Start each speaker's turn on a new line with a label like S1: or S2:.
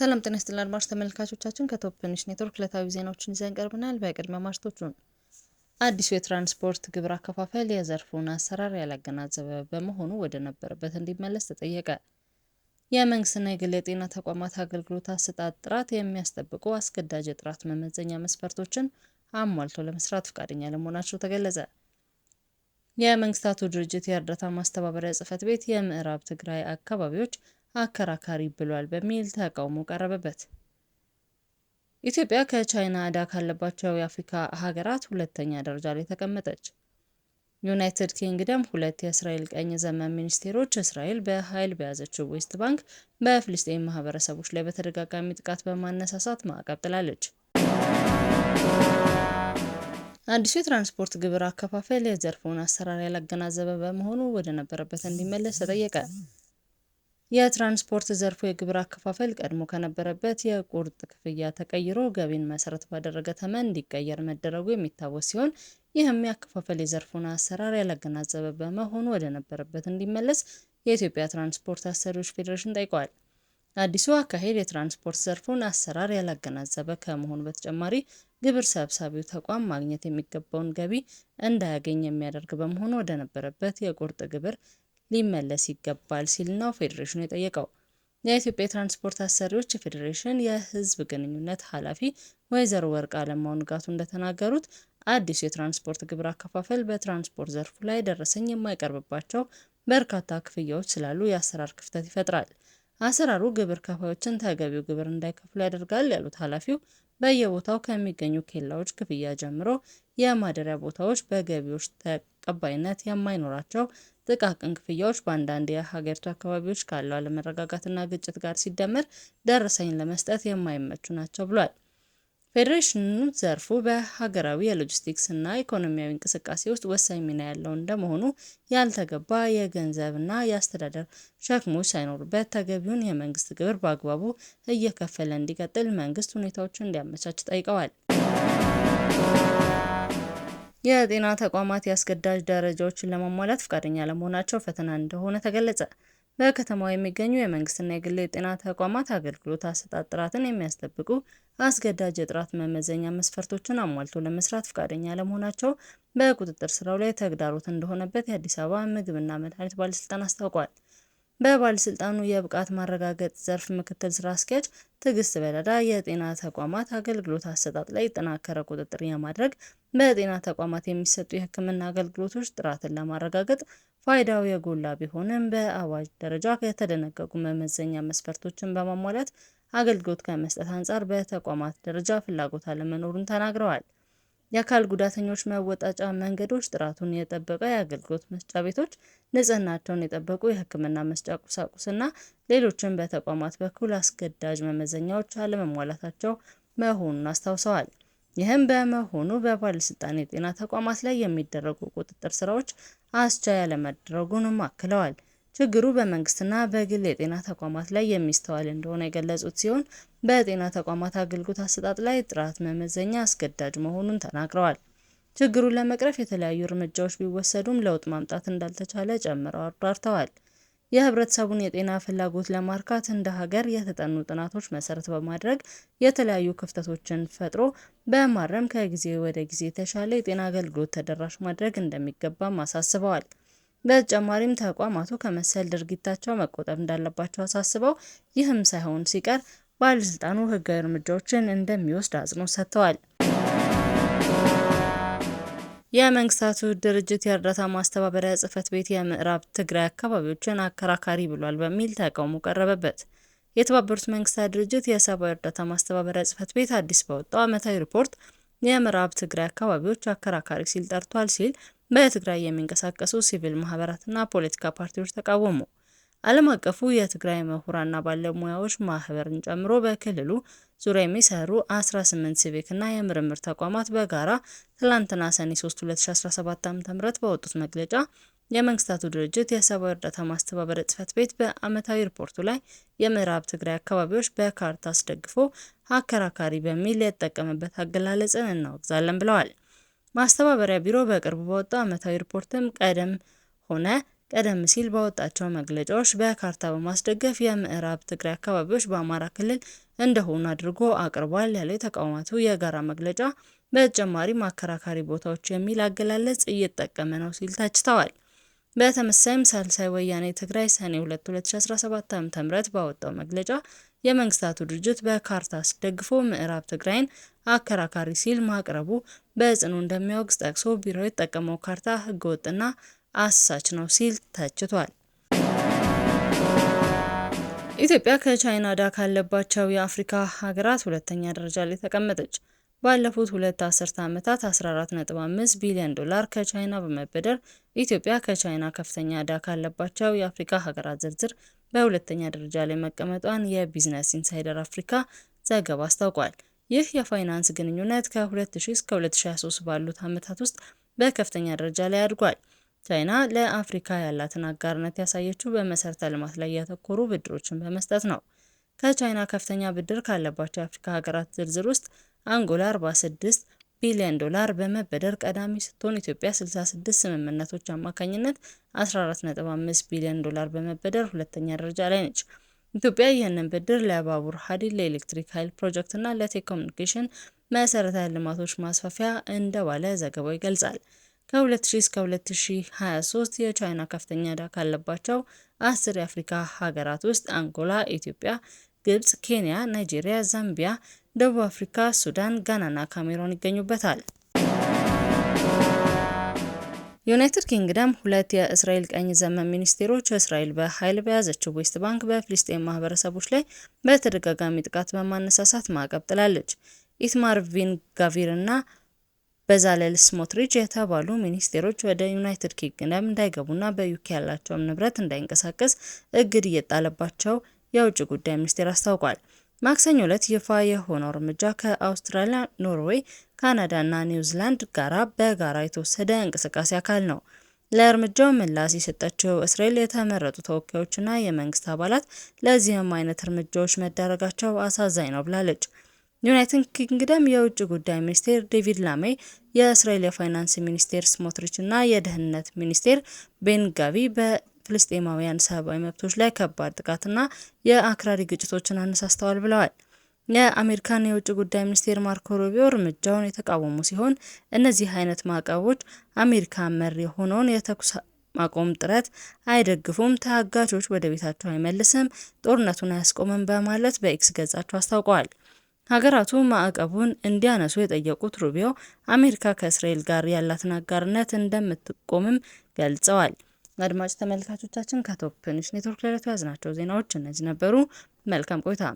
S1: ሰላም ጤና ይስጥልን አድማጭ ተመልካቾቻችን ከቶፕ ትንሽ ኔትወርክ ዕለታዊ ዜናዎችን ይዘን ቀርበናል። በቅድመ ማርቶቹን አዲሱ የትራንስፖርት ግብር አከፋፈል የዘርፉን አሰራር ያላገናዘበ በመሆኑ ወደ ነበረበት እንዲመለስ ተጠየቀ። የመንግስትና የግል የጤና ተቋማት አገልግሎት አሰጣጥ ጥራት የሚያስጠብቁ አስገዳጅ የጥራት መመዘኛ መስፈርቶችን አሟልቶ ለመስራት ፈቃደኛ ለመሆናቸው ተገለጸ። የመንግስታቱ ድርጅት የእርዳታ ማስተባበሪያ ጽፈት ቤት የምዕራብ ትግራይ አካባቢዎች አከራካሪ ብሏል በሚል ተቃውሞ ቀረበበት። ኢትዮጵያ ከቻይና ዕዳ ካለባቸው የአፍሪካ ሀገራት ሁለተኛ ደረጃ ላይ ተቀመጠች። ዩናይትድ ኪንግደም ሁለት የእስራኤል ቀኝ ዘመን ሚኒስቴሮች እስራኤል በኃይል በያዘችው ዌስት ባንክ በፍልስጤም ማህበረሰቦች ላይ በተደጋጋሚ ጥቃት በማነሳሳት ማዕቀብ ጥላለች። አዲሱ የትራንስፖርት ግብር አከፋፈል የዘርፉን አሰራር ያላገናዘበ በመሆኑ ወደ ነበረበት እንዲመለስ ተጠየቀ። የትራንስፖርት ዘርፉ የግብር አከፋፈል ቀድሞ ከነበረበት የቁርጥ ክፍያ ተቀይሮ ገቢን መሰረት ባደረገ ተመን እንዲቀየር መደረጉ የሚታወስ ሲሆን ይህም የአከፋፈል የዘርፉን አሰራር ያላገናዘበ በመሆኑ ወደ ነበረበት እንዲመለስ የኢትዮጵያ ትራንስፖርት አሰሪዎች ፌዴሬሽን ጠይቋል። አዲሱ አካሄድ የትራንስፖርት ዘርፉን አሰራር ያላገናዘበ ከመሆኑ በተጨማሪ ግብር ሰብሳቢው ተቋም ማግኘት የሚገባውን ገቢ እንዳያገኝ የሚያደርግ በመሆኑ ወደ ነበረበት የቁርጥ ግብር ሊመለስ ይገባል ሲል ነው ፌዴሬሽኑ የጠየቀው። የኢትዮጵያ የትራንስፖርት አሰሪዎች ፌዴሬሽን የህዝብ ግንኙነት ኃላፊ ወይዘሮ ወርቅ አለማው ንጋቱ እንደተናገሩት አዲሱ የትራንስፖርት ግብር አከፋፈል በትራንስፖርት ዘርፉ ላይ ደረሰኝ የማይቀርብባቸው በርካታ ክፍያዎች ስላሉ የአሰራር ክፍተት ይፈጥራል። አሰራሩ ግብር ከፋዮችን ተገቢው ግብር እንዳይከፍሉ ያደርጋል ያሉት ኃላፊው በየቦታው ከሚገኙ ኬላዎች ክፍያ ጀምሮ የማደሪያ ቦታዎች በገቢዎች ተቀባይነት የማይኖራቸው ጥቃቅን ክፍያዎች በአንዳንድ የሀገሪቱ አካባቢዎች ካለው አለመረጋጋትና ግጭት ጋር ሲደመር ደረሰኝ ለመስጠት የማይመቹ ናቸው ብሏል። ፌዴሬሽኑ ዘርፉ በሀገራዊ እና ኢኮኖሚያዊ እንቅስቃሴ ውስጥ ወሳኝ ሚና ያለው እንደመሆኑ፣ ያልተገባ የገንዘብና የአስተዳደር ሸክሞች ሳይኖሩበት ተገቢውን የመንግስት ግብር በአግባቡ እየከፈለ እንዲቀጥል መንግስት ሁኔታዎችን እንዲያመቻች ጠይቀዋል። የጤና ተቋማት የአስገዳጅ ደረጃዎችን ለማሟላት ፈቃደኛ ለመሆናቸው ፈተና እንደሆነ ተገለጸ። በከተማው የሚገኙ የመንግስትና የግል የጤና ተቋማት አገልግሎት አሰጣጥ ጥራትን የሚያስጠብቁ አስገዳጅ የጥራት መመዘኛ መስፈርቶችን አሟልቶ ለመስራት ፈቃደኛ ለመሆናቸው በቁጥጥር ስራው ላይ ተግዳሮት እንደሆነበት የአዲስ አበባ ምግብና መድኃኒት ባለስልጣን አስታውቋል። በባለስልጣኑ የብቃት ማረጋገጥ ዘርፍ ምክትል ስራ አስኪያጅ ትዕግስት በዳዳ የጤና ተቋማት አገልግሎት አሰጣጥ ላይ የጠናከረ ቁጥጥር የማድረግ፣ በጤና ተቋማት የሚሰጡ የሕክምና አገልግሎቶች ጥራትን ለማረጋገጥ ፋይዳው የጎላ ቢሆንም በአዋጅ ደረጃ የተደነገጉ መመዘኛ መስፈርቶችን በማሟላት አገልግሎት ከመስጠት አንጻር በተቋማት ደረጃ ፍላጎት አለመኖሩን ተናግረዋል። የአካል ጉዳተኞች መወጣጫ መንገዶች ጥራቱን የጠበቀ የአገልግሎት መስጫ ቤቶች፣ ንጽህናቸውን የጠበቁ የሕክምና መስጫ ቁሳቁስና ሌሎችም በተቋማት በኩል አስገዳጅ መመዘኛዎች አለመሟላታቸው መሆኑን አስታውሰዋል። ይህም በመሆኑ በባለስልጣን የጤና ተቋማት ላይ የሚደረጉ ቁጥጥር ስራዎች አስቻ አለመደረጉንም አክለዋል። ችግሩ በመንግስትና በግል የጤና ተቋማት ላይ የሚስተዋል እንደሆነ የገለጹት ሲሆን በጤና ተቋማት አገልግሎት አሰጣጥ ላይ ጥራት መመዘኛ አስገዳጅ መሆኑን ተናግረዋል። ችግሩን ለመቅረፍ የተለያዩ እርምጃዎች ቢወሰዱም ለውጥ ማምጣት እንዳልተቻለ ጨምረው አብራርተዋል። የህብረተሰቡን የጤና ፍላጎት ለማርካት እንደ ሀገር የተጠኑ ጥናቶች መሰረት በማድረግ የተለያዩ ክፍተቶችን ፈጥሮ በማረም ከጊዜ ወደ ጊዜ የተሻለ የጤና አገልግሎት ተደራሽ ማድረግ እንደሚገባም አሳስበዋል። በተጨማሪም ተቋማቱ ከመሰል ድርጊታቸው መቆጠብ እንዳለባቸው አሳስበው፣ ይህም ሳይሆን ሲቀር ባለስልጣኑ ህጋዊ እርምጃዎችን እንደሚወስድ አጽኖ ሰጥተዋል። የመንግስታቱ ድርጅት የእርዳታ ማስተባበሪያ ጽህፈት ቤት የምዕራብ ትግራይ አካባቢዎችን አከራካሪ ብሏል በሚል ተቃውሞ ቀረበበት። የተባበሩት መንግስታት ድርጅት የሰብአዊ እርዳታ ማስተባበሪያ ጽፈት ቤት አዲስ በወጣው ዓመታዊ ሪፖርት የምዕራብ ትግራይ አካባቢዎች አከራካሪ ሲል ጠርቷል ሲል በትግራይ የሚንቀሳቀሱ ሲቪል ማህበራትና ፖለቲካ ፓርቲዎች ተቃወሙ። ዓለም አቀፉ የትግራይ ምሁራንና ባለሙያዎች ማህበርን ጨምሮ በክልሉ ዙሪያ የሚሰሩ 18 ሲቪክና የምርምር ተቋማት በጋራ ትላንትና ሰኔ 3 2017 ዓ.ም በወጡት መግለጫ የመንግስታቱ ድርጅት የሰብአዊ እርዳታ ማስተባበሪያ ጽፈት ቤት በዓመታዊ ሪፖርቱ ላይ የምዕራብ ትግራይ አካባቢዎች በካርታ አስደግፎ አከራካሪ በሚል የተጠቀመበት አገላለጽን እናወግዛለን ብለዋል። ማስተባበሪያ ቢሮ በቅርቡ ባወጣው ዓመታዊ ሪፖርትም ቀደም ሆነ ቀደም ሲል ባወጣቸው መግለጫዎች በካርታ በማስደገፍ የምዕራብ ትግራይ አካባቢዎች በአማራ ክልል እንደሆኑ አድርጎ አቅርቧል ያለው የተቋማቱ የጋራ መግለጫ፣ በተጨማሪም አከራካሪ ቦታዎች የሚል አገላለጽ እየተጠቀመ ነው ሲል ተችተዋል። በተመሳሳይም ሳልሳይ ወያኔ ትግራይ ሰኔ 2 2017 ዓ.ም ባወጣው መግለጫ የመንግስታቱ ድርጅት በካርታ ደግፎ ምዕራብ ትግራይን አከራካሪ ሲል ማቅረቡ በጽኑ እንደሚያወግዝ ጠቅሶ ቢሮ የተጠቀመው ካርታ ህገወጥና አሳች ነው ሲል ተችቷል። ኢትዮጵያ ከቻይና ዕዳ ካለባቸው የአፍሪካ ሀገራት ሁለተኛ ደረጃ ላይ ተቀመጠች። ባለፉት ሁለት አስርተ ዓመታት 14.5 ቢሊዮን ዶላር ከቻይና በመበደር ኢትዮጵያ ከቻይና ከፍተኛ ዕዳ ካለባቸው የአፍሪካ ሀገራት ዝርዝር በሁለተኛ ደረጃ ላይ መቀመጧን የቢዝነስ ኢንሳይደር አፍሪካ ዘገባ አስታውቋል። ይህ የፋይናንስ ግንኙነት ከ2000 እስከ 2023 ባሉት ዓመታት ውስጥ በከፍተኛ ደረጃ ላይ አድጓል። ቻይና ለአፍሪካ ያላትን አጋርነት ያሳየችው በመሰረተ ልማት ላይ ያተኮሩ ብድሮችን በመስጠት ነው። ከቻይና ከፍተኛ ብድር ካለባቸው የአፍሪካ ሀገራት ዝርዝር ውስጥ አንጎላ 46፣ ቢሊዮን ዶላር በመበደር ቀዳሚ ስትሆን ኢትዮጵያ 66 ስምምነቶች አማካኝነት 14.5 ቢሊዮን ዶላር በመበደር ሁለተኛ ደረጃ ላይ ነች። ኢትዮጵያ ይህንን ብድር ለባቡር ሐዲድ፣ ለኤሌክትሪክ ኃይል ፕሮጀክትና ለቴሌኮሙኒኬሽን መሰረተ ልማቶች ማስፋፊያ እንደዋለ ዘገባው ይገልጻል። ከ2000 እስከ 2023 የቻይና ከፍተኛ ዕዳ ካለባቸው አስር የአፍሪካ ሀገራት ውስጥ አንጎላ፣ ኢትዮጵያ፣ ግብጽ፣ ኬንያ፣ ናይጄሪያ፣ ዛምቢያ፣ ደቡብ አፍሪካ፣ ሱዳን፣ ጋናና ካሜሮን ይገኙበታል። ዩናይትድ ኪንግደም ሁለት የእስራኤል ቀኝ ዘመን ሚኒስቴሮች እስራኤል በኃይል በያዘችው ዌስት ባንክ በፍልስጤም ማህበረሰቦች ላይ በተደጋጋሚ ጥቃት በማነሳሳት ማዕቀብ ጥላለች። ኢትማር ቪን ጋቪር እና በዛለል ስሞትሪጅ የተባሉ ሚኒስቴሮች ወደ ዩናይትድ ኪንግደም እንዳይገቡና በዩኬ ያላቸውም ንብረት እንዳይንቀሳቀስ እግድ እየጣለባቸው የውጭ ጉዳይ ሚኒስቴር አስታውቋል። ማክሰኞ ዕለት ይፋ የሆነው እርምጃ ከአውስትራሊያ፣ ኖርዌይ፣ ካናዳ እና ኒውዚላንድ ጋር በጋራ የተወሰደ እንቅስቃሴ አካል ነው። ለእርምጃው ምላሽ የሰጠችው እስራኤል የተመረጡ ተወካዮችና የመንግስት አባላት ለዚህም አይነት እርምጃዎች መዳረጋቸው አሳዛኝ ነው ብላለች። ዩናይትድ ኪንግደም የውጭ ጉዳይ ሚኒስቴር ዴቪድ ላሜ፣ የእስራኤል የፋይናንስ ሚኒስቴር ስሞትሪች እና የደህንነት ሚኒስቴር ቤንጋቪ ፍልስጤማውያን ሰብአዊ መብቶች ላይ ከባድ ጥቃትና የአክራሪ ግጭቶችን አነሳስተዋል ብለዋል። የአሜሪካን የውጭ ጉዳይ ሚኒስቴር ማርኮ ሩቢዮ እርምጃውን የተቃወሙ ሲሆን እነዚህ አይነት ማዕቀቦች አሜሪካ መር የሆነውን የተኩስ ማቆም ጥረት አይደግፉም፣ ተጋቾች ወደ ቤታቸው አይመልስም፣ ጦርነቱን አያስቆምም በማለት በኤክስ ገጻቸው አስታውቀዋል። ሀገራቱ ማዕቀቡን እንዲያነሱ የጠየቁት ሩቢዮ አሜሪካ ከእስራኤል ጋር ያላትን አጋርነት እንደምትቆምም ገልጸዋል። አድማጭ ተመልካቾቻችን ከቶፕንሽ ኔትወርክ ለዕለቱ ያዝናቸው ዜናዎች እነዚህ ነበሩ። መልካም ቆይታ